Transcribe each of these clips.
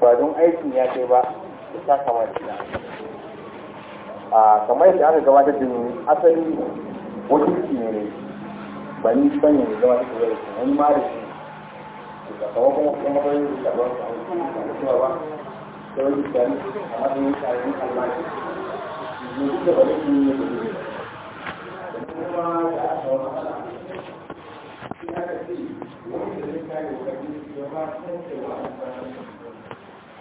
ba don aikin ya kai ba da kama da a kamar yadda aka gabatar da asali wakilci ne ba ni sanya ne zama da kuma wani ma shi da kawo kuma kuma ba yi da ba da ba wani a matsayin tsarin ne duk da ne da da kuma da aka wani Thank you.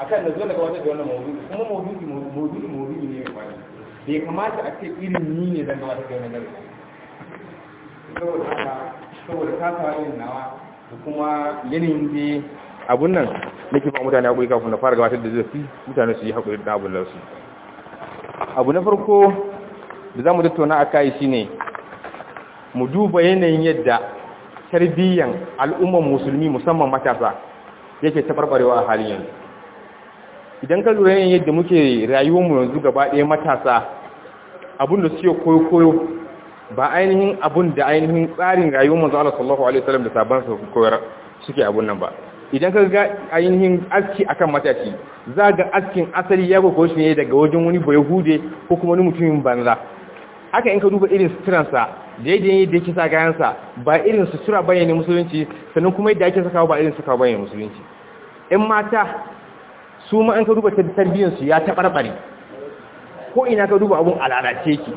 akan da zo daga wata da wannan mawdu'i kuma mawdu'i mawdu'i mawdu'i ne mai kwani bai kamata a ce irin ni ne zan gabatar da wannan darasi saboda haka saboda kasawa yin nawa da kuma yanayin da abun nan nake ba mutane akwai kafin na fara gabatar da zafi mutane su yi haƙuri da abun lausu abu na farko da za mu tattauna a kai shi ne mu duba yanayin yadda tarbiyyan al'ummar musulmi musamman matasa yake taɓarɓarewa a halin yanzu idan ka lura yadda muke rayuwarmu yanzu gaba ɗaya matasa abinda suke koyo-koyo ba ainihin abin da ainihin tsarin rayuwar manzo Allah sallallahu alaihi wasallam da sabon su koyar suke abun nan ba idan ka ga ainihin aski akan matashi za ga askin asali ya koyo shi ne daga wajen wani bayhude ko kuma wani mutumin banza haka in ka duba irin suturansa da yadda da yake sa kayansa ba irin sutura bayani ne musulunci sannan kuma yadda yake sakawa ba irin sakawa bayani musulunci in mata su ma an ka duba tarbiyyarsu ya taɓarɓare ko ina ka duba abun alalace ki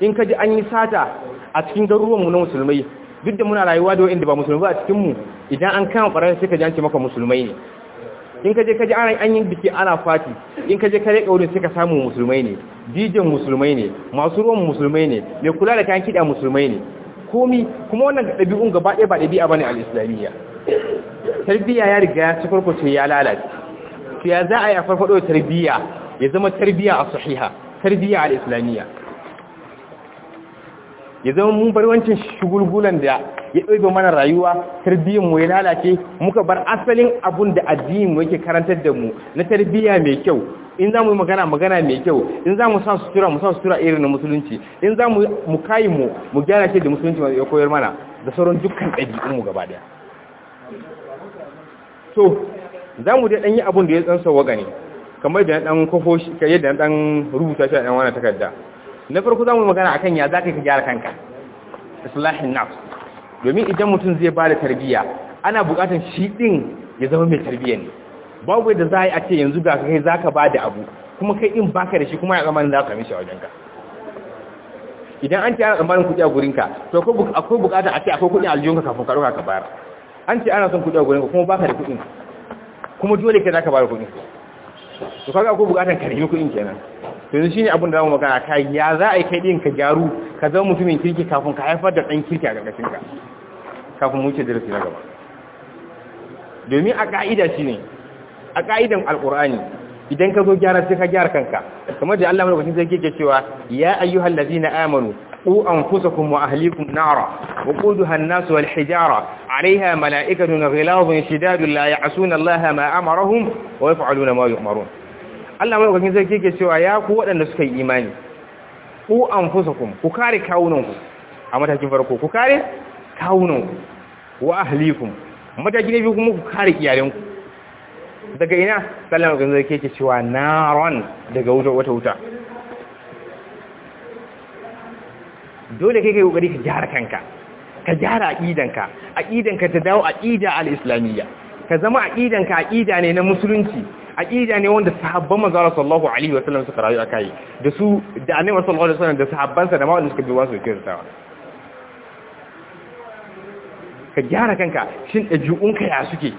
in ka ji an yi sata a cikin garuruwanmu na musulmai duk da muna rayuwa da wa'inda ba musulmai ba a cikinmu idan an kama ɓarar sai ka ji an ce maka musulmai ne in ka je ka ji an yi biki ana fati in ka je ka rika wurin sai ka samu musulmai ne dijin musulmai ne masu ruwan musulmai ne mai kula da kayan kiɗa musulmai ne komi kuma wannan ɗabi'un gaba ɗaya ba ɗabi'a ba ne islamiyya tarbiyya ya riga ya ci farko sai ya lalace to ya za a yi a farfado tarbiyya ya zama tarbiyya a sahiha tarbiyya al-islamiyya ya zama mun bar wancin shugulgulan da ya ɗoiba mana rayuwa tarbiyyar mu ya lalace muka bar asalin abun da addinin mu yake karantar da mu na tarbiyya mai kyau in za mu yi magana magana mai kyau in za mu sa sutura mu sa sutura irin na musulunci in za mu kayi mu mu gyara shi da musulunci ya koyar mana da sauran dukkan ɗabi'un mu gaba ɗaya to za mu dai ɗan yi da ya tsansa waga ne kamar da ɗan kwafo shi ka yadda ɗan rubuta shi a ɗan wani takarda na farko za mu magana a kan ya za ka yi gyara kanka islahin nafs domin idan mutum zai ba da tarbiyya ana buƙatar shi ɗin ya zama mai tarbiyya ne babu yadda za a yi a ce yanzu ga kai za ka ba da abu kuma kai in baka da shi kuma ya zama za ka mishi a wajenka idan an ce ana tsammanin kuɗi a gurin ka, to akwai buƙatar a ce akwai kuɗi a aljihunka kafin ka ɗauka ka bayar an ce ana son kuɗi a ka kuma baka da kuɗin kuma dole ka zaka bada kuɗi to kaga akwai bukatar ka nemi kuɗin kenan to yanzu shine abin da zamu magana ka ya za a yi kai din ka gyaru ka zama mutumin kirki kafin ka haifar da ɗan kirki a ƙarƙashin ka kafin mu ce darasi na gaba domin a ka'ida shine a ka'idan alqur'ani idan ka zo gyara sai ka gyara kanka kamar da Allah madaukakin sai yake cewa ya ayyuhallazina na amanu قو أنفسكم وأهليكم نارا وقودها الناس والحجارة عليها ملائكة غلاظ شداد لا يعصون الله ما أمرهم ويفعلون ما يؤمرون Allah mai kwakin sarki ke cewa ya ku waɗanda suka yi imani ku farko ku kare kawunanku na daga ina sallama kan sarki cewa naron daga wuta wuta dole kai kai kokari ka gyara kanka ka gyara aqidanka aqidanka ta dawo aqida al-islamiyya ka zama aqidanka aqida ne na musulunci aqida ne wanda sahabban manzo sallallahu alaihi wasallam suka rayu akai da su da annabi sallallahu alaihi wasallam da sahabbansa da ma wanda suka bi wasu kirtawa ka gyara kanka shin ɗabi'unka ya suke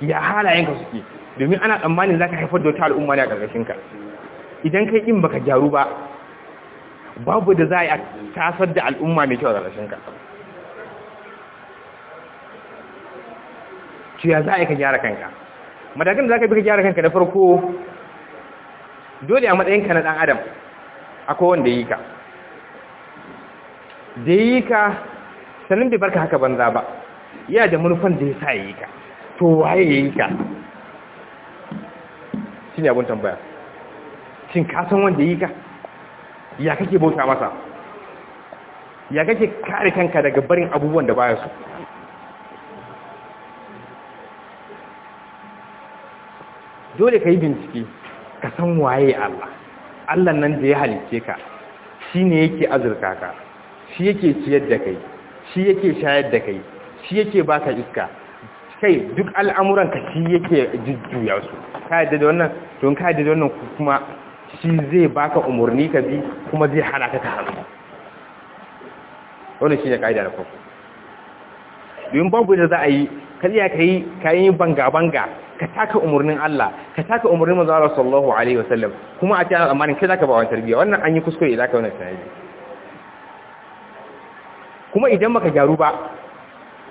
ya halayenka suke domin ana tsammanin za ka haifar da wata al'umma ne a ƙarƙashinka idan kai in baka gyaru ba babu da za a tasar da al'umma mai kyau da ka. ciya za a yi ka gyara kanka matakin da za ka bi ka gyara kanka da farko dole a matsayinka na ɗan adam akwai wanda yi ka da yi ka sanin bai barka haka banza ba yana da manufan da ya sa yi ka to waye yi ka shi ne abin tambaya cin kasan wanda yi ka ya kake bauta masa ya kake kare kanka daga barin abubuwan da baya su dole ka yi bincike ka san waye Allah Allah nan da ya halicce ka shi ne yake azurka ka shi yake ciyar da kai shi yake shayar da kai shi yake baka iska kai duk al'amuranka shi yake jujjuya su ka yadda da wannan don ka yadda da wannan kuma shi zai baka umarni ka bi kuma zai hana ka ta hannu wani shi ne ƙa'ida na farko domin babu da za a yi kariya ka yi kayan banga-banga ka taka umarnin Allah ka taka umarnin manzo Allah sallallahu alaihi wasallam kuma a ta amanin kai zaka ba wani tarbiyya wannan an yi kuskure idan ka wannan tarbiyya kuma idan maka gyaru ba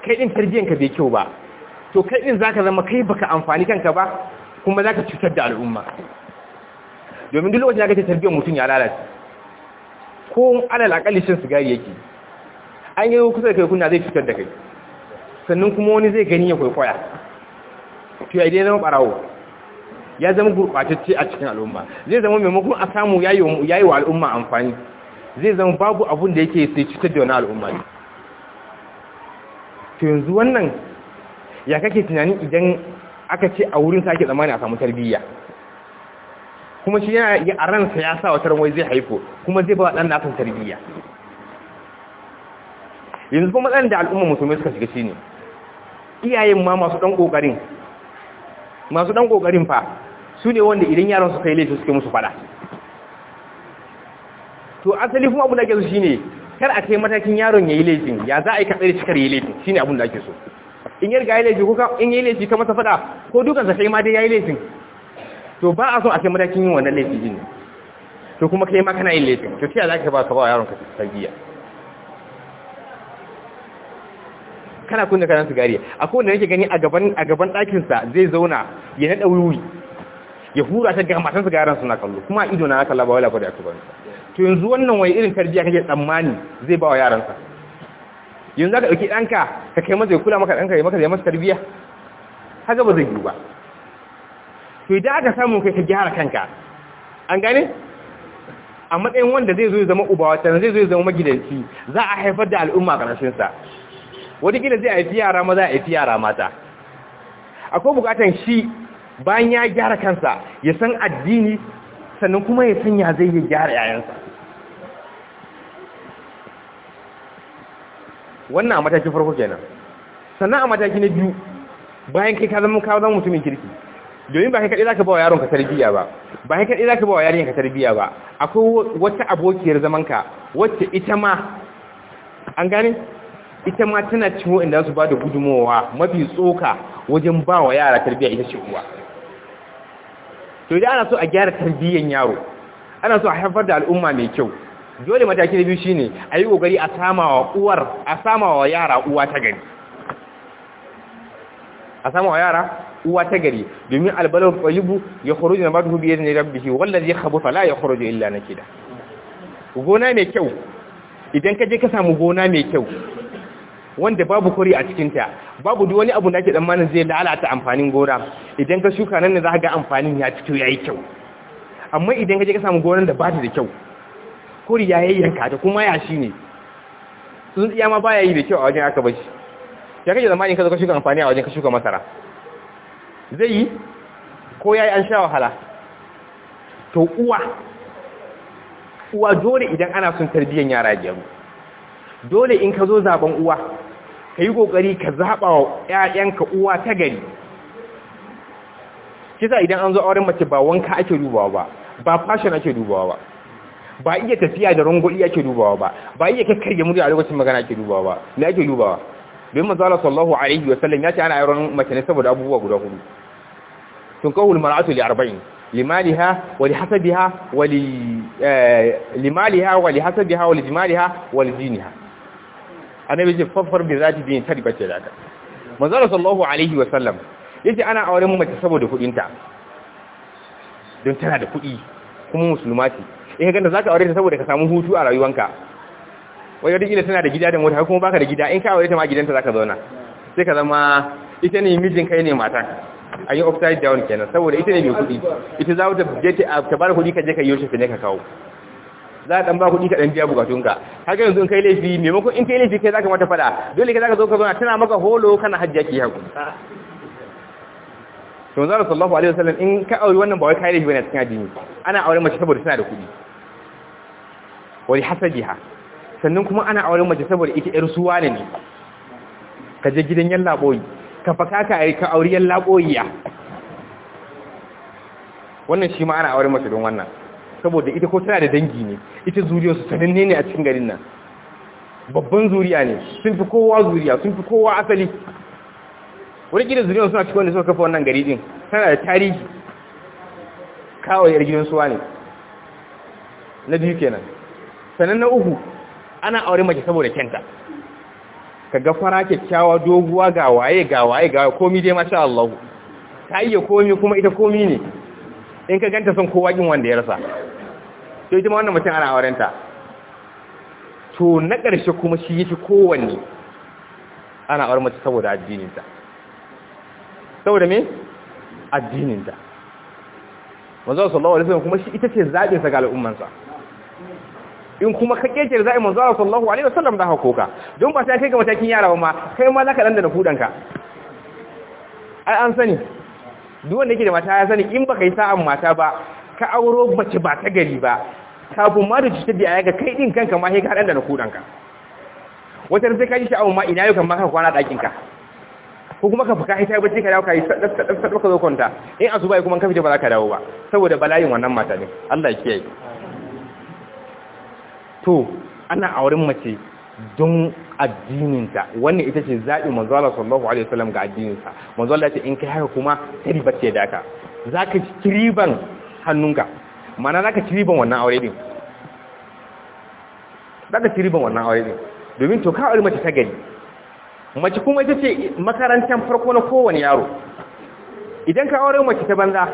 kai din tarbiyyan ka bai kyau ba to kai din zaka zama kai baka amfani kanka ba kuma zaka cutar da al'umma domin duk lokacin da kace tarbiyyar mutum ya lalace ko alal akali shin sigari yake an yi kusa da kai kunna zai fitar da kai sannan kuma wani zai gani ya kwaikwaya to ya dai zama barawo ya zama gurbatacce a cikin al'umma zai zama maimakon a samu yayi wa al'umma amfani zai zama babu abun da yake sai cutar da wani al'umma ne to yanzu wannan ya kake tunanin idan aka ce a wurin sake zamani a samu tarbiyya kuma shi yana yi a ransa ya sa wata ranwai zai haifo kuma zai ba ɗan akan tarbiyya yanzu kuma matsayin da al'umma musulmi suka shiga shi ne iyayen ma masu ɗan ƙoƙarin masu ɗan ƙoƙarin fa su ne wanda idan yaran su kai laifin suke musu fada to asali kuma abin da ake so shi ne kar a kai matakin yaron ya yi laifin ya za a yi da cikar ya yi laifin shi ne abin da ake so in yarga ya yi laifi ko in yi laifi ka masa fada ko dukansa sai ma dai ya yi laifin to ba a so a kai matakin yin wannan laifi ne to kuma kai ma kana yin laifin to ta za ka ba ka ba yaron ka tarbiyya kana kunna kanan sigari akwai wanda yake gani a gaban a gaban ɗakin sa zai zauna ya nada wuyi ya hura ta ga matan sigaran suna kallo kuma ido na aka ba wala fa da bani to yanzu wannan wai irin tarbiyya kake tsammani zai ba wa yaron sa yanzu ka dauki danka ka kai masa ya kula maka danka ya maka zai masa tarbiyya haka ba zai yi ba to idan aka samu kai ka gyara kanka an gane a matsayin wanda zai zo ya zama uba wata zai zo ya zama magidanci za a haifar da al'umma ƙarshen sa wataƙila zai haifi yara maza haifi yara mata akwai bukatan shi bayan ya gyara kansa ya san addini sannan kuma ya san zai ya gyara yayansa wannan a mataki farko kenan sannan a mataki na biyu bayan kai ka zama kawo zama mutumin kirki domin ba kai za ka bawa wa yaron ka tarbiyya ba ba kai za ka bawa wa yarin ka tarbiyya ba akwai wata abokiyar zamanka wacce ita ma an gani? ita ma tana cin za su ba da gudunmowa mafi tsoka wajen ba wa yara tarbiyya ita ce uwa to idan ana so a gyara tarbiyyan yaro ana so a haifar da al'umma mai kyau dole mataki na biyu shine a yi kokari a sama wa uwar a sama wa yara uwa ta gari a sama wa yara uwa ta gari domin albalu qayyibu yakhruju nabatuhu bi idni rabbih wallazi fala ya yakhruju illa nakida gona mai kyau idan ka je ka samu gona mai kyau wanda babu kuri a cikinta babu duk wani abu da ke tsammanin zai lalata amfanin gona idan ka shuka nan ne za ka ga amfanin ya fito ya yi kyau amma idan ka je ka samu gonar da ba ta da kyau kuri ya yayyanka ta kuma ya shi ne tsuntsiya ma baya yi da kyau a wajen aka bashi ya kake zamanin ka zo ka shuka amfani a wajen ka shuka masara zai yi ko ya yi an sha wahala to uwa uwa dole idan ana son tarbiyyar yara gyaru dole in ka zo zaben uwa ka yi ƙoƙari ka zaɓa wa ‘ya'yanka uwa ta gari kisa idan an zo auren mace ba wanka ake dubawa ba ba fashion ake dubawa ba ba iya tafiya da rangoli ake dubawa ba ba iya kakkarge murya a lokacin magana ake dubawa ba ne ake dubawa bin manzo sallahu alaihi wasallam ya ce ana auren mace ne saboda abubuwa guda hudu تنكوه المرأة لأربعين hasabiha ولحسبها ول لمالها ولحسبها ولجمالها ولدينها annabi ce faffar bi zati din ta ribace da ka manzo sallallahu alaihi wa sallam yace ana auren mace saboda kudin ta don tana da kudi kuma musulma ce in ka ganda zaka aure ta saboda ka samu hutu a rayuwanka wai wata kila tana da gida da mota kuma baka da gida in ka aure ta ma gidanta zaka zauna sai ka zama ita ne mijin kai ne matan a yi upside down kenan saboda ita ne mai kuɗi ita za ta je ta bar kuɗi ka je ka yi shi ne ka kawo za ka dan ba kuɗi ka dan biya bukatunka haka yanzu in kai laifi maimakon in kai laifi kai za ka mata fada dole kai za ka zo ka zauna tana maka holo kana hajjiya ki haku to manzo sallallahu alaihi wasallam in ka aure wannan ba wai kai laifi bane cikin addini ana aure mace saboda tana da kuɗi wa hasadiha sannan kuma ana aure mace saboda ita yar suwa ne ka je gidan yallaboyi ka yi ka aika auriyan laboyiya wannan shi ma ana aure masa don wannan saboda ita ko tana da dangi ne ita zuriyar su sananne ne a cikin garin nan babban zuriya ne sun fi kowa zuriya sun fi kowa asali wani gidan zuriyar suna cikin wanda suka kafa wannan gari din tana da tarihi kawai yar gidan suwa ne na biyu kenan sannan na uku ana aure mace saboda kenta. ka ga fara kyakkyawa doguwa ga waye ga waye ga komi dai masha Allah ta iya komi kuma ita komi ne in ka ganta son kowa kin wanda ya rasa to ita ma wannan mutum ana auren ta to na ƙarshe kuma shi yake kowanne ana auren mace saboda addininta saboda me addininta manzo sallallahu alaihi wasallam kuma shi ita ce zaɓinsa ga al'ummansa in kuma ka kece da za'i manzo Allah sallallahu alaihi wasallam da hakoka don ba sai kai ga matakin yara ba ma kai ma zaka dan da kudan ka ai an sani duk wanda yake da mata ya sani in baka yi sa'an mata ba ka auro bace ba ta gari ba kafin ma da cutar da ga kai din kanka ma sai ka dan da kudan ka wata sai ka yi sha'awa ma ina yau kan ma ka kwana dakin ka ko kuma ka fuka ita bace ka dawo kai sadaka zo kwanta in azuba kuma ka fita ba za ka dawo ba saboda bala'in wannan mata ne Allah ya kiyaye to ana auren mace don addininta wannan ita ce zaɓi manzala sallallahu alaihi wasallam ga addininsa manzala ce in kai haka kuma sai ribar da ka za ka hannunka mana za ka wannan aure din zaka kiriban wannan aure din domin to ka aure mace ta gari mace kuma ita ce makarantar farko na kowane yaro idan ka aure mace ta banza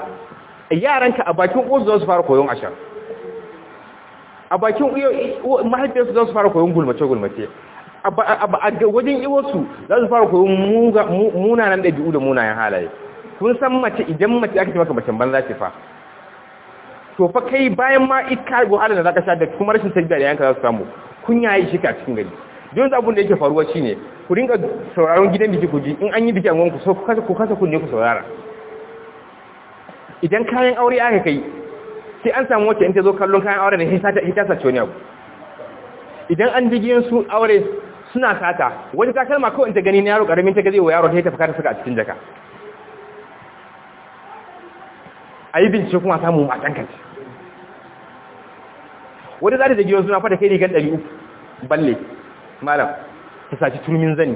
yaranka a bakin ƙozu za su fara koyon ashar a bakin mahaifiyarsu za su fara koyon gulmace-gulmace a wajen iwarsu za su fara koyon munanan ɗabi'u da munayen halaye kun san mace idan mace aka ce maka macen banza ce fa to fa kai bayan ma ita wahala da za ka sha da kuma rashin sai da yanka za su samu kunya ya shi a cikin gari don abin da yake faruwa ne ku rinka sauraron gidan biki ku ji in an yi biki a ku kasa ne ku saurara idan kayan aure aka kai sai an samu wacce in ta zo kallon kayan aure ne sai ta sace wani abu idan an digin su aure suna sata wani takalma kawai in ta gani na yaro karamin ta gaje wa yaro ta ta fuka ta suka a cikin jaka a yi bincike kuma samu matan kanci wani za ta da giyon suna fata kai rigar ɗari uku balle malam ta saci turmin zani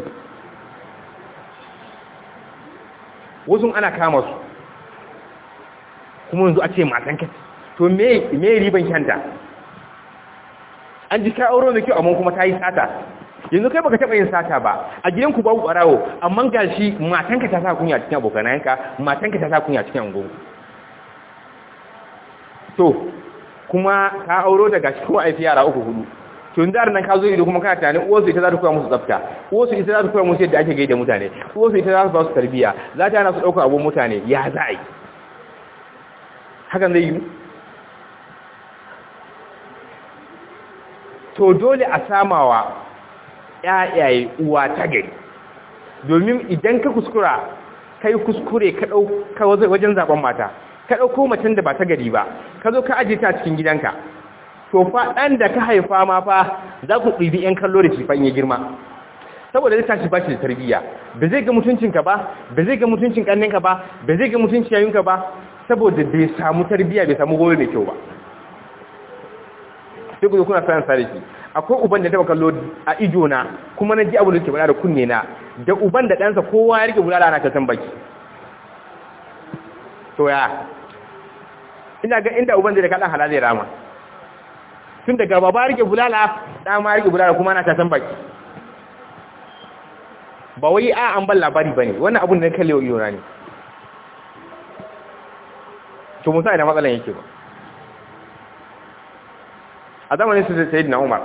wasu ana kama su kuma yanzu a ce matan kanci to me me riban kyanta an ji ka aure mai kyau amma kuma ta yi sata yanzu kai baka taba yin sata ba a gidanku babu barawo amma gashi matanka ta sa kunya cikin abokanayenka matanka ta sa kunya cikin angon to kuma ka auro daga shi kuma aifi yara uku hudu tun da nan ka zo ido kuma kana tunanin uwarsu ita za ta koya musu tsafta uwarsu ita za ta koya musu yadda ake gaida mutane uwarsu ita za ta ba su tarbiyya za ta yana su ɗaukar abun mutane ya za a yi hakan zai yi to dole a samawa yayaye uwa ta gari domin idan ka kuskura kai kuskure ka dauka wajen zaben mata ka ɗauko macen da ba ta gari ba ka zo ka ajiye ta cikin gidanka to fa dan da ka haifa ma fa za ku ɗibi yan kallo da shi fa in ya girma saboda zai tashi bashi da tarbiyya ba zai ga mutuncinka ba ba zai ga mutuncin kanninka ba ba zai ga mutuncin yayinka ba saboda bai samu tarbiyya bai samu gobe mai kyau ba sai ku zo kuna san sare shi akwai uban da taba kallo a ido na kuma na ji abu da ke bada da kunne na da uban da ɗansa kowa ya rike bulala na san baki to ya ina ga inda uban zai da kada halal zai rama tun daga baba ya rike bulala da ma ya rike bulala kuma na san baki ba wai a an ban labari ba ne wannan abun da na kallewa yau ne to musa idan matsalan yake ba a zamanin su sai na umar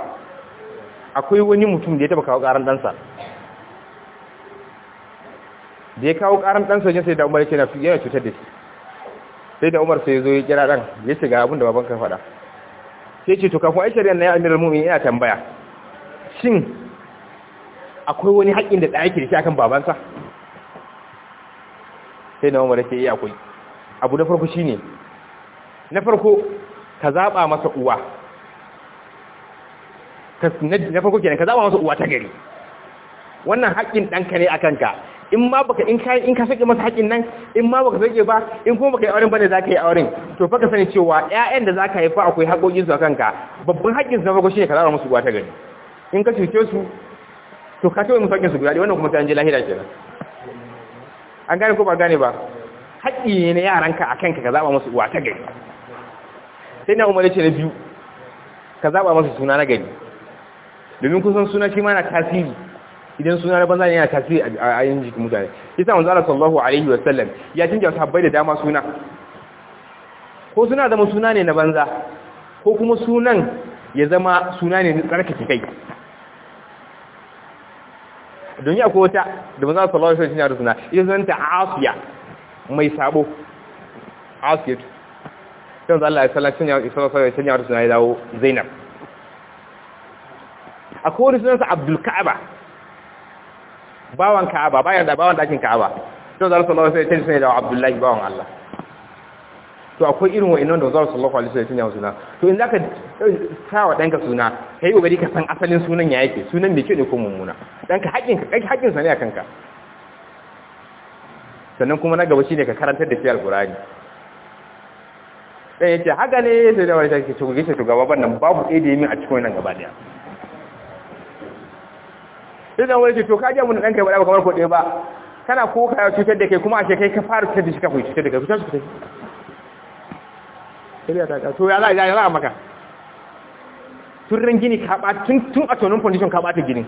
akwai wani mutum da ya taba kawo karan ɗansa da ya kawo karan ɗansa ya sai da umar da cutar da shi sai da umar sai zo ya kira ɗan ya shiga abin da babban ka faɗa sai ce to kafin aishar yana ya amiral mumin ina tambaya shin akwai wani haƙƙin da ɗaya ke da shi akan babansa sai na umar ce iya eh, akwai abu na farko shine na farko ka zaɓa masa uwa na farko kenan ka zaba masa uwa ta gari wannan haƙƙin ɗanka ne a kanka in ma baka in ka in ka sake masa haƙƙin nan in ma baka sake ba in kuma baka yi auren bane zaka yi auren to fa ka sani cewa ƴaƴan da zaka haifa akwai haƙoƙin su a kanka babban haƙƙin na farko shine ka zaba musu uwa ta gari in ka cuce su to ka cewa musu haƙƙin su guda wannan kuma ta ji lahira kenan an gane ko ba gane ba haƙƙi ne na yaranka a kanka ka zaba musu uwa ta gari sai na umar ce na biyu ka zaba musu suna na gari domin kusan suna shi mana tasiri idan suna na banza ne yana tasiri a ayin jikin mutane isa wanzu ala sallahu alaihi wasallam ya canja sahabbai da dama suna ko suna zama suna ne na banza ko kuma sunan ya zama suna ne na tsarkake kai don yi akwai wata da banza Allah sallallahu alaihi wasallam suna ita sunanta Asiya mai sabo Asiya Sai Allah ya alaihi wasallam ya dawo Zainab akwai wani sunansa abdul ka'aba bawan ka'aba bayan da bawan dakin ka'aba to zar sallallahu alaihi wasallam sai da abdullahi bawan Allah to akwai irin wa'annan da zar sallallahu alaihi wasallam ya suna to in zaka wa danka suna kai kokari ka san asalin sunan ya yake sunan me ke ne ko mummuna danka haƙin ka haƙin sa ne akan ka sannan kuma na gaba shine ka karantar da shi alqur'ani dan yace haka ne sai da wani take to gaishe to gaba nan babu ɗaya da yi min a cikin nan gaba daya sai zan wani to kaji abin da ɗanka ba kamar ko ɗaya ba kana ko ka cutar da kai kuma a shekai ka fara cutar da shi kafin cutar da kai cutar da shari'a to ya za ya za maka ran gini ka ba tun a tonin foundation ka bata gini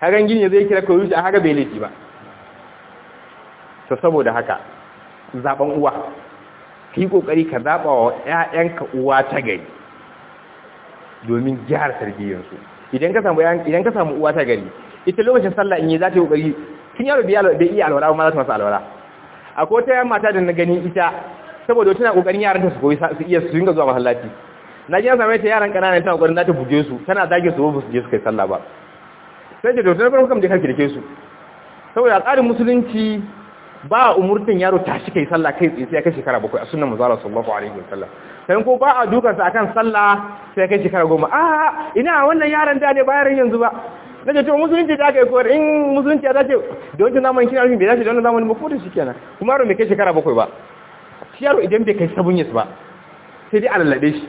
hagan gini zai kira ka yuji a haka bai laifi ba to saboda haka zaben uwa ka yi ƙoƙari ka zaɓa wa ƴaƴanka uwa ta gari domin gyara tarbiyyarsu idan ka samu idan ka samu uwa ta gari ita lokacin sallah in yi zata yi kokari kin yaro bai iya alwara amma za ta masa alwara. akwai wata yan mata da na gani ita saboda tana kokarin yaran ta su koyi su iya su dinga zuwa masallaci na ji an same ta yaran kanana tana kokarin zata ta su tana zage su ba su je su kai sallah ba sai da dole na farko kam da kake dake su saboda tsarin musulunci ba a umurtin yaro ta shi kai sallah kai tsaye sai kai shekara bakwai a sunan manzo Allah sallallahu alaihi wasallam sai ko ba a dukan sa akan sallah sai kai shekara goma a ina wannan yaron da ne Ba bayan yanzu ba nace to musulunci da kai ko in musulunci da ce don tana man kina rufin bai dace don zamanin ba ko da shikenan kuma yaro bai kai shekara bakwai ba shi yaro idan bai kai sabon yas ba sai dai alalade shi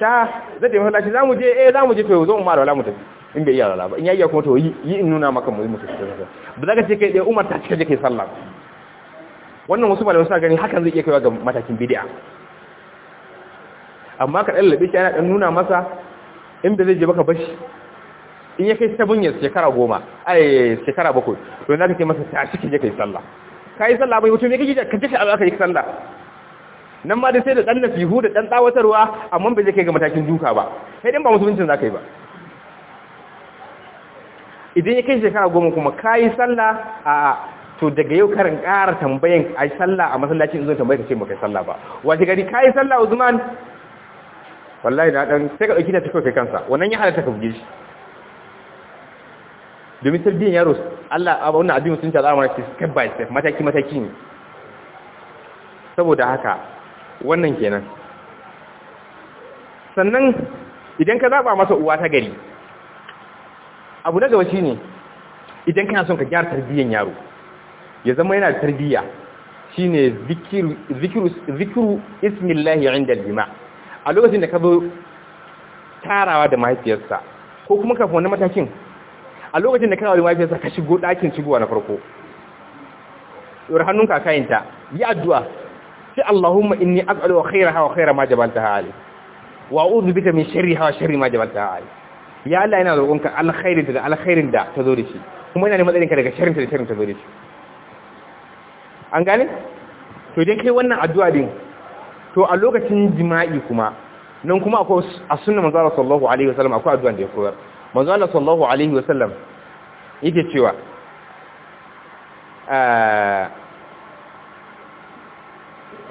ta zai tafi za mu je eh mu je to zo umar wala mu tafi in bai iya lala ba in ya iya kuma to yi in nuna maka mu mutu ba za ka ce kai dai umar ta cika je kai sallah wannan wasu malamai suna ganin hakan zai iya kaiwa ga matakin bid'a amma ka labe shi ana dan nuna masa inda zai je baka bashi in ya kai sabon ya shekara goma ai shekara bakwai to na kake masa ta cikin ya kai sallah kai sallah bai wuce ne kake ka kace Allah yi sallah nan ma dai sai da dan nafihu da dan tsawatarwa amma bai zai kai ga matakin duka ba sai dan ba musulunci zaka yi ba idan ya kai shekara goma kuma kai sallah a to daga yau karin ƙara tambayin a sallah a masallacin zuwa tambayin ka ce maka sallah ba wace gari yi sallah zuman. wallahi na dan sai ka ɗauki ta take kai kansa wannan ya halatta ka buge shi domin tarbiyyar yaro Allah wannan abin sun ta zama shi step by step mataki mataki ne saboda haka wannan kenan sannan idan ka zaɓa masa uwa ta gari abu na gaba shine idan kana son ka gyara tarbiyyar yaro ya zama yana tarbiyya shine zikiru zikiru zikiru ismillahi inda jima a lokacin da ka zo tarawa da mahaifiyarsa ko kuma ka wani matakin a lokacin da ka zo da mahaifiyarsa ka shigo ɗakin shigowa na farko yawar hannun kayanta yi addu'a sai Allahumma inni as'alu wa khairaha wa khaira ma jabanta hali wa a'udhu bika min sharriha hawa sharri ma jabanta hali ya Allah ina roƙonka alkhairin da alkhairin da ta zo da shi kuma ina neman tsarinka daga sharrin da sharrin ta zo da shi an gane to idan kai wannan addu'a din to a lokacin jima'i kuma nan kuma a suna manzo sallahu alaihi wasallam akwai addu’an da ya koyar manzo sallahu alaihi wasallam yake cewa ah,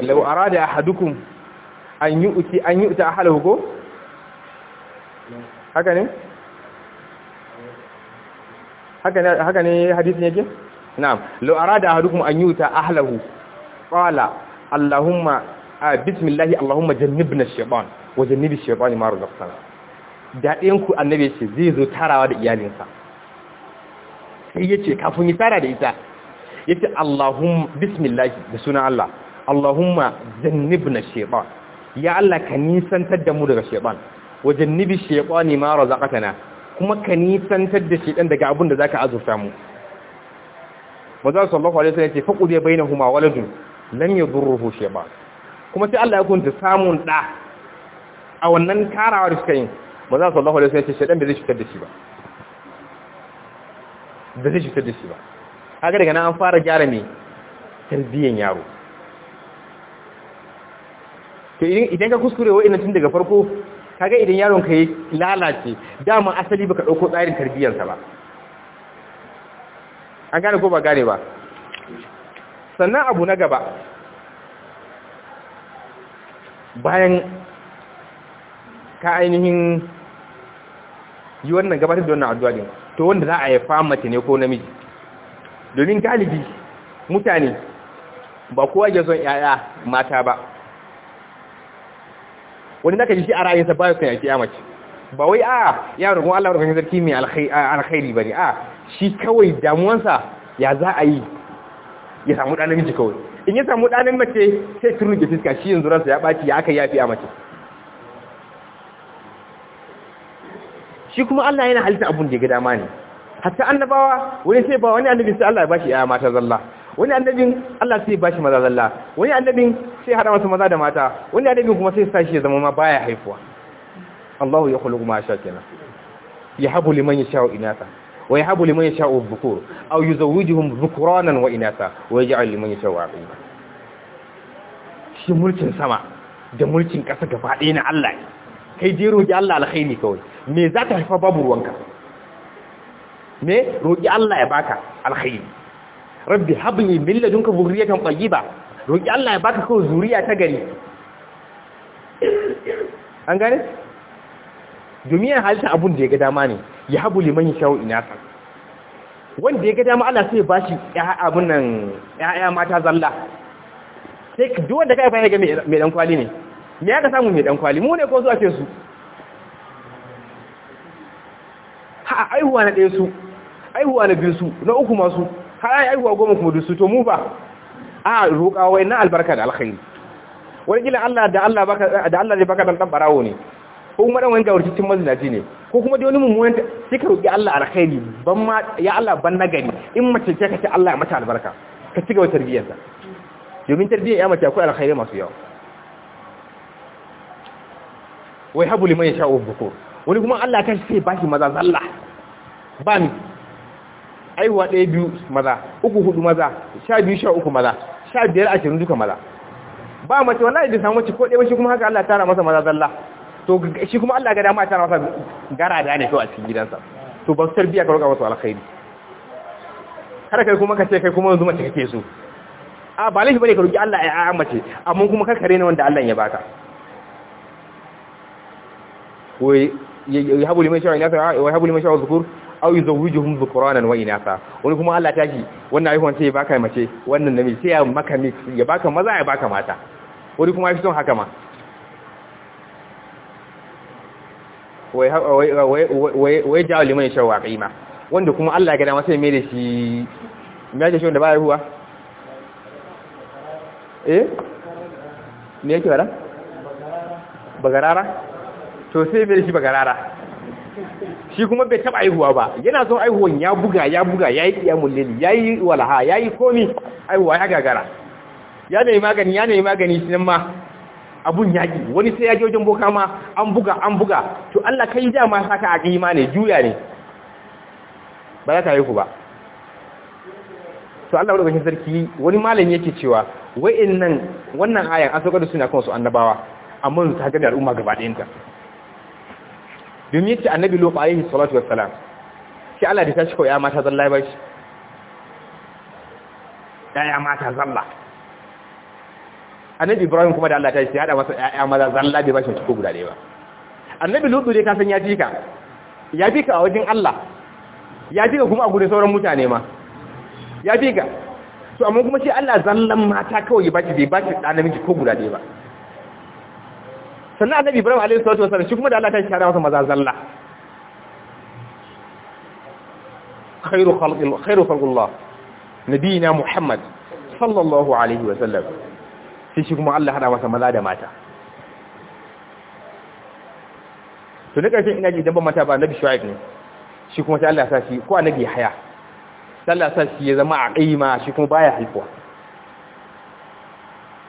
law arada hadukun an uti an a halar ko haka ne haka ne hadisun yake na'am law arada ahadukum an yuta ahlahu qala allahumma bismillah allahumma jannibna ash-shaytan wa jannibi ash-shaytan ma razaqtana da ɗayan ku annabi ce zai zo tarawa da iyalinsa sai yace kafin ya tara da ita yace allahumma bismillah da sunan Allah allahumma jannibna ash-shaytan ya Allah ka nisantar da mu daga shaytan wa jannibi ash-shaytan ma razaqtana kuma ka nisantar da shaytan daga abun da zaka azurta mu manzo sallallahu alaihi wasallam ya ce faqudi bainahuma waladun lan yadurruhu ba kuma sai Allah ya kunta samun da a wannan karawa da suka yi manzo sallallahu alaihi wasallam ya ce shaydan bai zai cutar da shi ba da zai cutar da shi ba haka daga nan an fara gyara me tarbiyyan yaro to idan ka kuskure wa'annan tun daga farko kaga idan yaron ka yi lalace dama asali baka dauko tsarin tarbiyyarsa ba an gane ko ba gane ba sannan abu na gaba bayan ka ainihin yi wannan gabatar da wannan addu'a to wanda za a yi mace ne ko namiji domin galibi mutane ba kowa ke son ‘ya'ya mata ba wani naka ji a rayunsa ba ya yaki ‘ya'ya mace ba wai a ya rukun Allah rukun zarki mai alkhairi ba ne a shi kawai damuwansa ya za a yi ya samu ɗanin namiji kawai in ya samu ɗanin mace sai turu da fiska shi yanzu ransa ya ɓaci ya aka yafi a mace shi kuma Allah yana halitta abun da ya ga dama ne hatta annabawa wani sai ba wani annabi sai Allah ya bashi ya mata zalla wani annabin Allah sai bashi maza zalla wani annabin sai hada masa maza da mata wani annabin kuma sai sashi ya zama ma baya haifuwa Allahu ya khulugu ma sha kenan yahabu liman yasha'u inatha Wai Habu ya ويهب لمن يشاء الذكور أو يزوجهم ذكرانا وإناثا ويجعل ya يشاء عقيما shi mulkin sama da mulkin ƙasa gaba ɗaya na Allah kai je roƙi Allah alkhairi kawai me za ta haifa babu ruwanka me roƙi Allah ya baka alkhairi rabbi habni min ladunka dhurriyatan ba. roƙi Allah ya baka kawai zuriya ta gari an gane domin halittar abun da ya ga dama ne ya habu liman shawo inasa wanda ya ga dama Allah sai ba shi abin nan ‘ya'ya mata zalla sai duk wanda ka yi ga mai dan kwali ne me ya samu mai dan kwali mu ne ko su ake su ha aihuwa na ɗaya su aihuwa na biyu su na uku masu har ai aihuwa goma kuma duk su to mu ba a roƙa wai na albarka da alkhairi wani gina Allah da Allah da Allah ne baka dan dan ne ko kuma dan wani gawarcin mazinaci ne ko kuma da wani mummunan sai ka roƙi Allah alkhairi ban ma ya Allah ban nagari in mace ce kace Allah ya mata albarka ka ci gaba tarbiyyar ta domin tarbiyyar ya mace akwai alkhairi masu yawa wai habu liman ya sha'u bukur wani kuma Allah kan sai bashi maza zalla ba ni aiwa ɗaya biyu maza uku hudu maza sha biyu sha uku maza sha biyar ashirin duka maza ba mace wallahi bai samu mace ko ɗaya bashi shi kuma haka Allah tara masa maza zalla to shi kuma Allah ga dama tana masa gara da ne kawai a cikin gidansa to ba su tarbiya ka roƙa wasu alkhairi kada kai kuma ka ce kai kuma yanzu mace kake so a ba laifi bane ka roƙi Allah ya a mace amma kuma ka kare ne wanda Allah ya baka wai ya habu liman sha'a inasa wai habu liman sha'a zukur aw yuzawwijuhum dhukranan wa inasa wani kuma Allah ta ki wannan ayyukan sai ya baka mace wannan namiji sai ya maka ya baka maza ya baka mata wani kuma ya fi son haka ma wai jawo liman ya shawo ƙima wanda kuma Allah gada masu mai da shi mai da shi wanda ba ya ruwa eh ne yake wada? bagarara to sai mai da shi bagarara shi kuma bai taɓa aihuwa ba yana son aihuwan ya buga ya buga ya yi ƙiyamun lili ya yi walaha ya yi komi aihuwa ya gagara ya nemi magani ya nemi magani sinan ma abun yaƙi wani sai yaƙi wajen boka ma an buga an buga to Allah kai ma saka a kima ne juya ne ba za ka yi ku ba to Allah wani kashin sarki wani malami yake cewa nan wannan ayan an saukar da suna kan su annabawa amma su hagar da al'umma gaba ɗayanta domin yake annabi lofa yi salatu salam Shi Allah da shi kawai ya mata zalla ya bashi ya mata zalla annabi ibrahim kuma da Allah ta ce hada masa ƴaƴa maza zalla bai bashi ciko guda ɗaya ba annabi lutu dai ka san ya fika ya fika a wajen Allah ya fika kuma a gurin sauran mutane ma ya fika to amma kuma shi Allah zallan mata kawai ba shi bai ba shi ɗan namiji ko guda ɗaya ba sannan annabi ibrahim alaihi salatu wasallam shi kuma da Allah ta ce hada masa maza zalla khairu khalqillah khairu khalqillah nabiyina muhammad sallallahu alaihi wasallam sai shi kuma Allah hada masa maza da mata to na ƙarshen ina ji dabban mata ba nabi shu'aib ne shi kuma sai Allah sa shi ko annabi haya sai Allah sa shi ya zama a ƙaima shi kuma baya haifuwa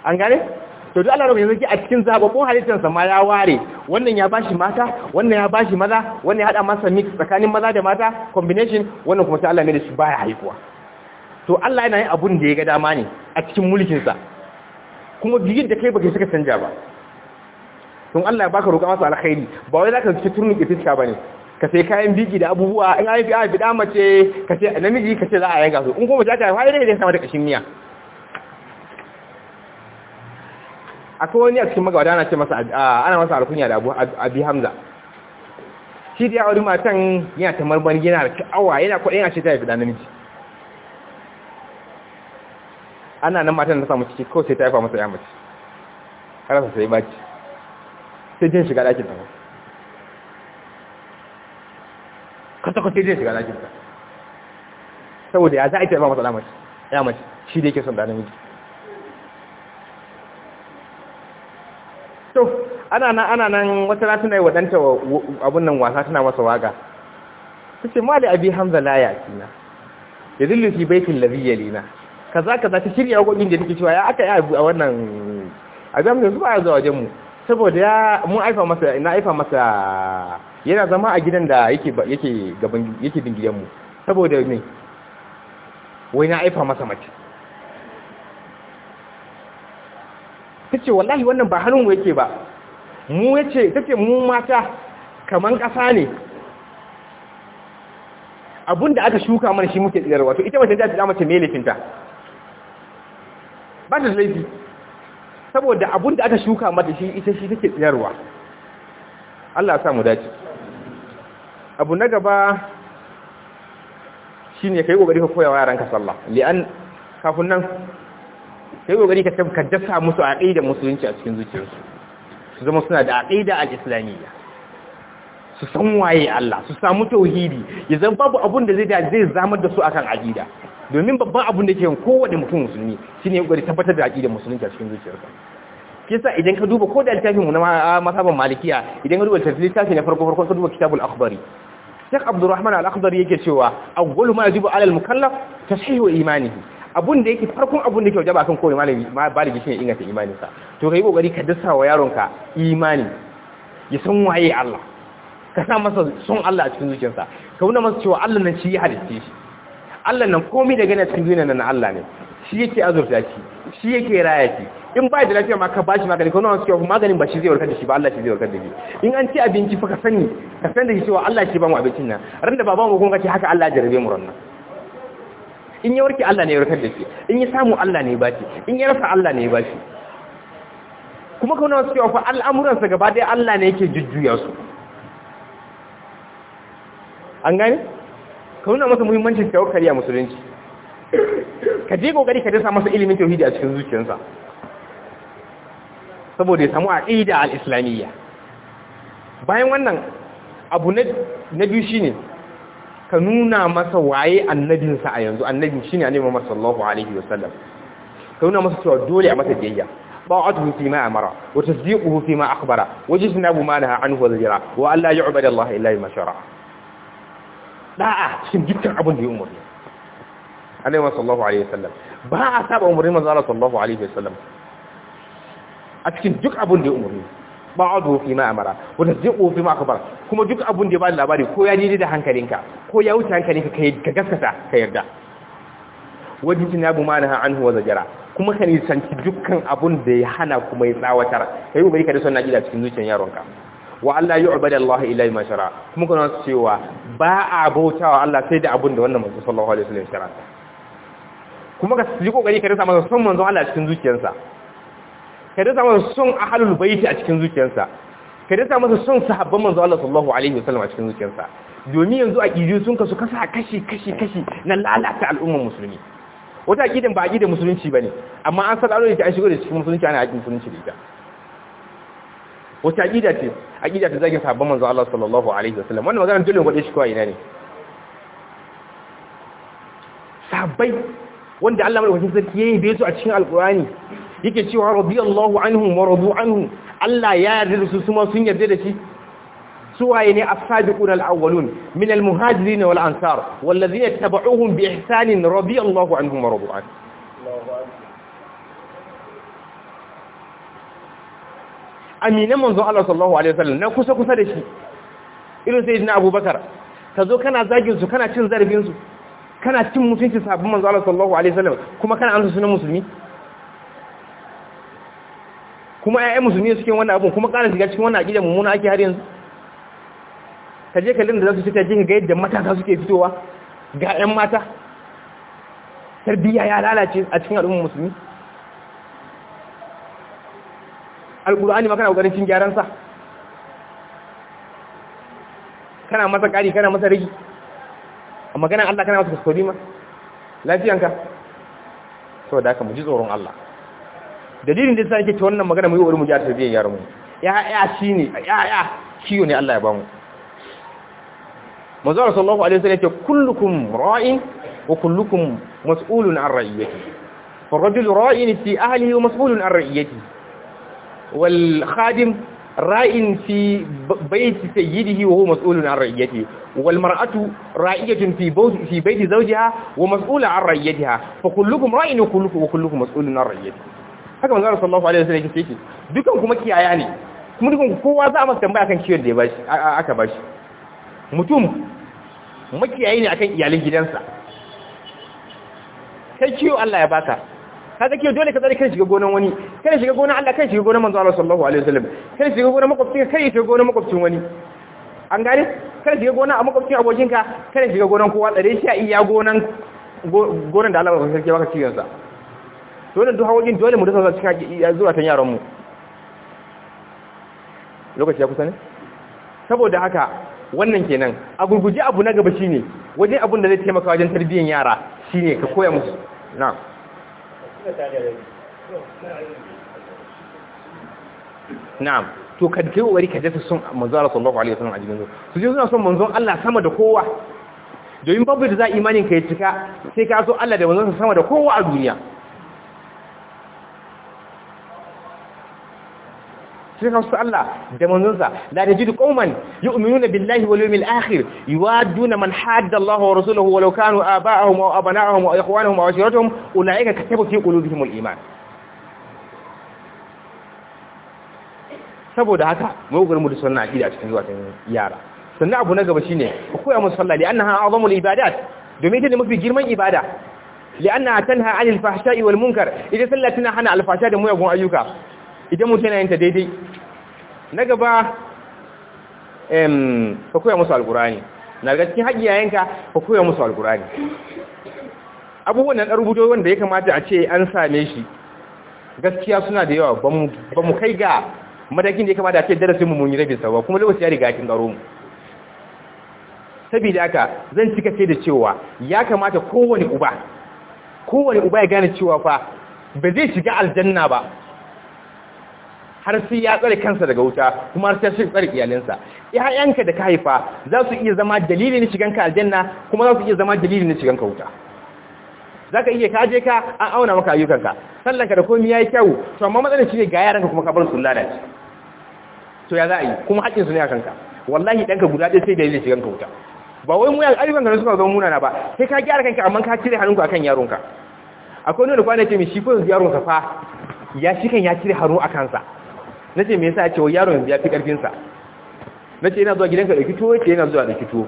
an gane to duk Allah rubuta yanzu a cikin zababbun halittar sa ma ya ware wannan ya bashi mata wannan ya bashi maza wannan ya hada masa mix tsakanin maza da mata combination wannan kuma sai Allah ne da shi baya haifuwa to Allah yana yin abun da ya ga dama ne a cikin mulkin sa kuma jigin da kai baka suka canja ba tun Allah ya baka roƙa masa alkhairi ba wai zaka ci turmi ki fiska bane ka sai kayan biki da abubuwa in ai fi ai da mace ka ce namiji ka ce za a yanka su in kuma ta ta fa'ida ne sama da kashin miya akwai wani a cikin magawada ana ce masa ana masa alkunya da abi hamza shi da ya wurin matan yana ta marmari yana da awa yana kwaɗe a ce ta yi fi da namiji ana nan matan ta samu ciki kawai sai ta haifa masa ya mace karasa sai baci sai jin shiga ɗakin ta ko sai jin shiga ɗakin ta saboda ya za a yi ta haifa masa ya mace shi da yake son da namiji to ana nan ana nan wata rana tana yi waɗanta abun nan wasa tana masa waga ta ce ma da abi hamza la ya tina ya zillu fi baitin lazi yalina kaza kaza ta shirya wakokin da nake cewa ya aka yi a wannan a zamu yanzu ba zuwa wajen mu saboda ya mun aifa masa ina aifa masa yana zama a gidan da yake yake gaban yake din gidan mu saboda me wai na aifa masa mace kace wallahi wannan ba halin mu yake ba mu yace tace mu mata kaman kasa ne da aka shuka mana shi muke tsirarwa to ita mace ta tsira mace mai laifinta ba da laifi saboda abun da aka shuka mata shi ita shi take tsayarwa Allah ya sa mu dace abu na gaba shine kai kokari ka koya wa ka sallah li'an kafin nan kai kokari ka ka dasa musu aqida musulunci a cikin zuciyarsu su zama suna da aqida al-islamiyya su san waye Allah su samu tauhidi yanzu babu abun da zai da zai zamar da su akan aqida domin babban abin da ke yin kowane mutum musulmi shine ya kokari tabbatar da aƙidar musulunci a cikin zuciyarsa kisa idan ka duba ko da littafin mu na masaban malikiya idan ka duba littafin na farko farko ka duba kitabul akhbari Sheikh Abdulrahman Al-Akhdari yake cewa awwalu ma yajibu 'ala al-mukallaf tashihu imanihi abun da yake farkon abun da ke wajaba kan kowane malami ba gishin shine inganta imaninsa to kai kokari ka dasa wa yaronka imani ya san waye Allah ka sa masa son Allah a cikin zuciyarsa ka wuna masa cewa Allah nan shi ya halitta shi Allah nan komai da gane cikin duniya nan Allah ne shi yake azurta ki shi yake raya ki in ba da lafiya ma ka bashi magani ko nawa suke maganin ba shi zai warkar da shi ba Allah shi zai warkar da shi in an ci abinci fa ka sani ka san da cewa Allah shi ba mu abincin nan ran da baban mu kun kace haka Allah jarabe mu ranna in ya warke Allah ne ya warkar da shi in ya samu Allah ne ya bashi in ya rasa Allah ne ya bashi kuma kuma nawa suke wa al'amuran sa gaba dai Allah ne yake jujjuya su an gane ka nuna masa muhimmancin tawakkali a musulunci ka je kokari ka dasa masa ilimin tauhidi a cikin zuciyarsa saboda ya samu aqida al-islamiyya bayan wannan abu na biyu shine ka nuna masa waye annabinsa a yanzu annabin shine annabi Muhammad sallallahu alaihi wasallam ka nuna masa cewa dole a masa biyayya طاعته فيما أمر وتصديقه فيما أخبر وجسناب ما نهى عنه وزجرا وأن لا يعبد Allah illa بما شرع da'a cikin dukkan abin da ya umarni alaihi sallallahu alaihi wasallam ba a saba umarni manzo Allah sallallahu alaihi wasallam a cikin duk abin da ya umarni ba a zofi ma amara wanda zai ofi ma akabar kuma duk abin da ya ba labari ko ya daidai da hankalinka ko ya wuce hankalinka ka gaskata ka yarda wajen jinabu ma naha anhu wa zajara kuma ka nisanci dukkan abun da ya hana kuma ya tsawatar kai kokari ka da son naji da cikin zuciyar yaronka wa Allah yi ubada Allah ilai mashara kuma kuna cewa ba a bautawa Allah sai da abun da wannan manzo sallallahu alaihi wasallam shara kuma ka yi kokari ka rasa masa son manzon Allah cikin zuciyarsa ka rasa masa son ahlul baiti a cikin zuciyarsa ka rasa masa son sahabban manzon Allah sallallahu alaihi wasallam a cikin zuciyarsa domin yanzu a kiji sun kasu kasa kashi kashi kashi na lalata al'ummar musulmi wata akidan ba akidan musulunci bane amma an san alaihi da an shigo da cikin musulunci ana akidan musulunci da ita wata aqida ce aqida ta zagin sahabban manzo Allah sallallahu alaihi wasallam wannan magana dole gwade shi kawai ina ne sahabbai wanda Allah madaukakin sarki yayi da su a cikin alqurani yake cewa radiyallahu anhum wa radu anhu Allah ya yarda da su kuma sun yarda da shi suwaye ne as-sabiqun al-awwalun min al-muhajirin wal ansar wallazina tabauhum bi ihsanin radiyallahu anhum wa radu anhu aminan manzon Allah sallallahu alaihi wasallam na kusa kusa da shi irin sai na Abubakar ka zo kana zagin su kana cin zarafin su kana cin mutunci sabbin manzon Allah sallallahu alaihi wasallam kuma kana amsa sunan musulmi kuma ƴaƴan musulmi suke wannan abun kuma ƙara shiga cikin wannan aqida mummuna ake har yanzu ka je ka da za su fita je ga yadda matasa suke fitowa ga ƴan mata tarbiyya ya lalace a cikin al'ummar musulmi alkur'ani ma kana ƙoƙarin cin gyaran sa kana masa ƙari kana masa rigi a maganar Allah kana masa kuskure ma lafiyanka So da aka mu ji tsoron Allah dalilin da yake ta wannan magana mu yi mu ji tarbiyyar yaran mu ya ya ne ya ya kiyo ne Allah ya bamu manzo sallallahu alaihi wasallam ce kullukum ra'in wa kullukum mas'ulun an ra'iyati ra'in fi ahlihi wa mas'ulun an رعيته wal khadim ra'in fi baiti sayyidihi wa huwa mas'ulun an ra'iyati wal mar'atu ra'iyatun fi baiti fi baiti zawjiha wa mas'ulun an ra'iyatiha fa wa haka manzo sallallahu alaihi wasallam yake ce dukan kuma kiyaya ne kuma dukan kowa za a masa tambaya kan kiyon da ya bashi aka bashi mutum makiyayi ne akan iyalin gidansa kai kiyo Allah ya baka kaga ke dole ka tsare kan shiga gonan wani kai shiga gonan Allah kai shiga gonan manzo Allah sallallahu alaihi wasallam kai shiga gonan makwabci kai shiga gonan makwabcin wani an gane kai shiga gonan a makwabcin abokinka kai shiga gonan kowa tsare shi a iya gonan gonan da Allah ba sarki baka cikin sa dole duk hawajin dole mu dasa cikin zuwa tan yaran mu lokaci ya kusa ne saboda haka wannan kenan a gurguje abu na gaba shine wajen abun da zai taimaka wajen tarbiyyar yara shine ka koya musu na'am na'am to ka kai wari ka dafa sun manzo Allah sallallahu alaihi wasallam a jikin su je suna son manzon Allah sama da kowa domin babu da za imanin ka ya cika sai ka so Allah da manzon sama da kowa a duniya sun hamsu Allah da manzonsa la tajidu qauman yu'minuna billahi wal yawmil akhir yuwadduna man hadda Allah wa rasuluhu walau kanu aba'ahum aw abana'ahum aw ikhwanahum aw ashiratuhum ulaika kataba fi qulubihim al iman saboda haka mu gurmu da sunna akida a cikin zuwa yara sannan abu na gaba shine ku koya musu sallah li annaha azamul ibadat domin ita ne mafi girman ibada لأنها تنهى عن الفحشاء والمنكر إذا سلتنا حنا الفحشاء دمو يقوم أيوكا idan mutum yana yin ta daidai na gaba ka koya musu alkurani na daga cikin haƙi yayanka ka koya musu alkurani abubuwan da rubuto wanda ya kamata a ce an same shi gaskiya suna da yawa ba mu kai ga madakin da ya kamata a ce darasin mu mun rabin sabuwa kuma lokaci ya riga kin garo mu saboda haka zan cika ce da cewa ya kamata kowane uba kowane uba ya gane cewa fa ba zai shiga aljanna ba har sai ya tsare kansa daga wuta kuma har sai shi tsare iyalinsa ƴaƴanka da ka haifa za su iya zama dalilin shiganka aljanna kuma za su iya zama dalilin shiganka wuta zaka iya ka je ka an auna maka ayyukan sallan sallanka da komai yayi kyau to amma matsalar shi ne ga yaranka kuma ka bar su lalace to ya za a yi kuma hakkin su ne a kanka wallahi danka guda ɗaya sai dalilin shiganka wuta ba wai muyan ka ne suka zama munana ba sai ka gyara kanka amma ka cire hannunka akan yaronka akwai wani da kwana ce mai shi ko yanzu yaronsa fa ya shi kan ya cire hannu a kansa na ce me yasa a ce yaro yanzu ya fi ƙarfinsa na ce yana zuwa gidanka ɗauki tuwo ce yana zuwa ɗauki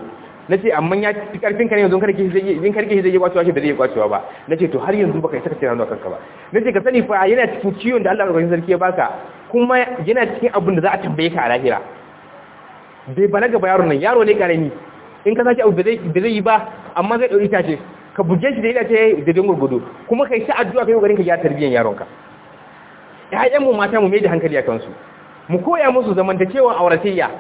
na ce amma ya fi ƙarfin ka ne yanzu karke shi zai yi kwacewa shi da zai yi kwacewa ba na ce to har yanzu baka yi saka ce ranar kanka ba na ce ka sani fa yana cikin ciwon da Allah ɗaukakin sarki ya baka kuma yana cikin abin da za a tambaye ka a lahira bai bana gaba yaron nan yaro ne karami in ka sace abu da zai yi ba amma zai ɗauki tashe ka buge shi da itace da dangurgudu kuma ka yi addu'a kai kokarin ka ya tarbiyyar yaronka ‘ya'yanmu mata mu mai da hankali a kansu mu koya musu cewa auratayya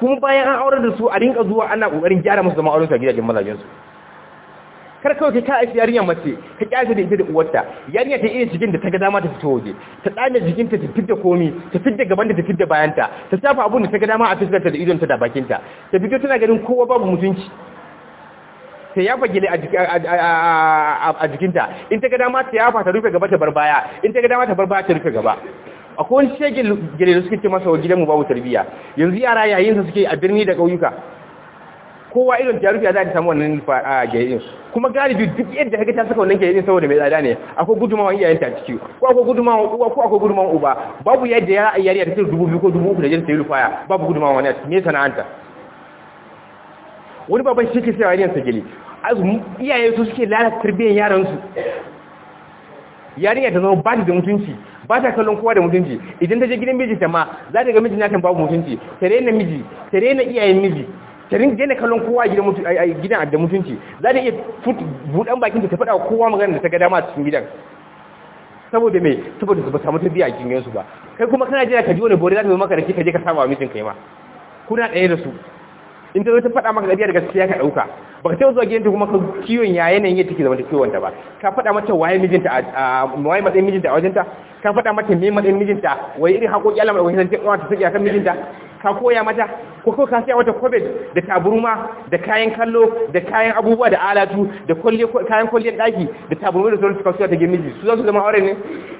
kuma bayan an aurar da su a rinka zuwa ana ƙoƙarin gyara musu zama aurensu a gidajen mazajensu kar kawai ka aiki yarinya mace ka kyasa da ita da uwarta yarinya ta iya cikin da ta ga dama ta fito waje ta tsame jikinta ta da komi ta fidda gaban da ta da bayanta ta shafa abun da ta ga dama a ta da idon ta da bakinta ta fito tana ganin kowa babu mutunci ta yafa gele a jikinta in ta ga dama ta ta rufe gaba ta bar baya in ta ga dama ta bar baya ta rufe gaba akwai wani shegin gele da suke ce masa wa gidanmu babu tarbiyya yanzu yara yayin su suke a birni da ƙauyuka kowa irin ta rufe za a samu wannan gele kuma galibi duk yadda kaga ta saka wannan gele saboda mai tsada ne akwai gudumawan iyayen ta ciki ko akwai gudumawan uwa ko akwai gudumawan uba babu yadda yara a yariya ta dubu biyu ko dubu uku da jirgin ta yi rufaya babu gudumawan wani me sana'anta wani baban shi ke sai yaransa gele iyaye su suke lalata tarbiyyar yaransu yarinya ta zama ba da mutunci ba ta kallon kowa da mutunci idan ta je gidan miji ta ma za ta ga miji na kan babu mutunci ta rena miji ta rena iyayen miji ta rin daina kallon kowa gidan gidan da mutunci za ta iya buɗan bakin ta fada kowa magana da ta ga dama a cikin gidan saboda me saboda ba samu tabiya a cikin su ba kai kuma kana jira ka ji wani bore za ta zo maka da shi ka je ka saba mijin kai ma kuna ɗaya da su in ta zo ta faɗa maka biya da gaskiya ka ɗauka ba ka taɓa zuwa gidanta kuma ka kiwon ya yanayin yadda take zama da kiwon ta ba ka faɗa mata waye mijinta a waye matsayin mijinta a wajenta ka faɗa mata me matsayin mijinta waye irin haƙoƙi Allah mai wajen ta ta saki akan mijinta ka koya mata ko ko ka sai wata kobet da taburma da kayan kallo da kayan abubuwa da alatu da kayan kwalliyar daki da taburuma da sauran suka ta gemiji su za su zama aure ne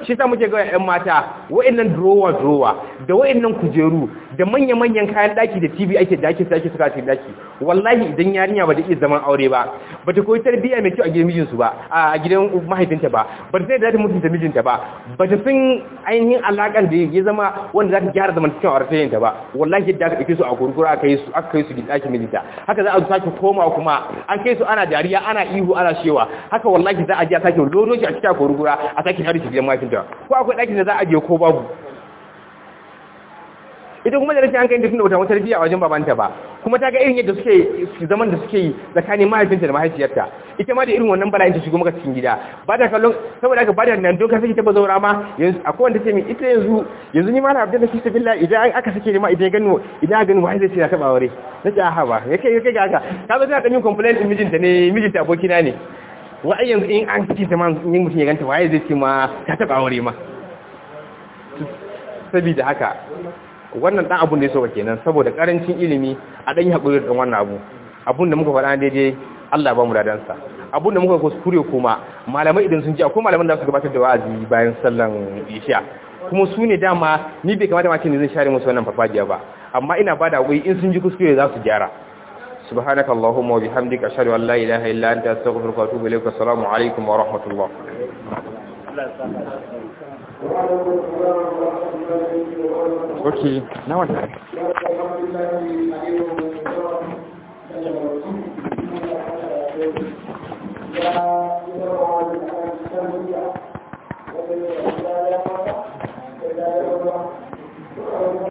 shi sa muke ga yan mata wa'annan drowa drowa da wa'annan kujeru da manya-manyan kayan daki da tv ake daki su ake suka cikin daki wallahi idan yarinya ba da iya zaman aure ba ba ta koyi tarbiyya mai kyau a gidan mijinsu ba a gidan mahaifinta ba ba ta da ta mutunta mijinta ba ba ta sun ainihin alaƙar da ya zama wanda za ta gyara zamantakewa a rasayinta ba wallahi yadda aka ɗauke su a kurkuru aka yi su aka yi su milita haka za a sake koma kuma an kai su ana dariya ana ihu ana shewa haka wallahi za a je a sake lodo shi a cikin kurkuru a sake harshe gidan gidan da ko akwai ɗakin da za a je ko babu ita kuma da rashin an kai tun tunda wata wata a wajen babanta ba kuma ta ga irin yadda suke zaman da suke yi tsakanin mahaifinta da mahaifiyarta ita ma da irin wannan bala'in ta shigo maka cikin gida ba ta kallon saboda aka ba da nan doka sai ta bazaura ma yanzu akwai wanda ce min ita yanzu yanzu ni ma na abdalla ta sabilla idan aka sake ni ma idan gano idan aka gano wai zai ce ya taba aure na ce aha ba yake yake ga haka ka ba tana ka yin complaint din mijinta ne mijinta abokina ne wai yanzu in an sake ta ma in mutum ya ganta wai zai ce ma ta taba aure ma sabida haka wannan dan abun da ya soka kenan saboda karancin ilimi a dan yi hakuri da wannan abu abun da muka faɗa daidai Allah ba mu da dansa abun da muka kuskure kuma malamai idan sun ji akwai malaman da su gabatar da wa'azi bayan sallan isha kuma su ne dama ni bai kamata ma ce ne zai share musu wannan farfajiya ba amma ina bada hakuri in sun ji kuskure za su gyara سبحانك اللهم وبحمدك أشهد أن لا إله إلا أنت أستغفرك وأتوب إليك السلام عليكم ورحمة الله Okay, now what? Thank you.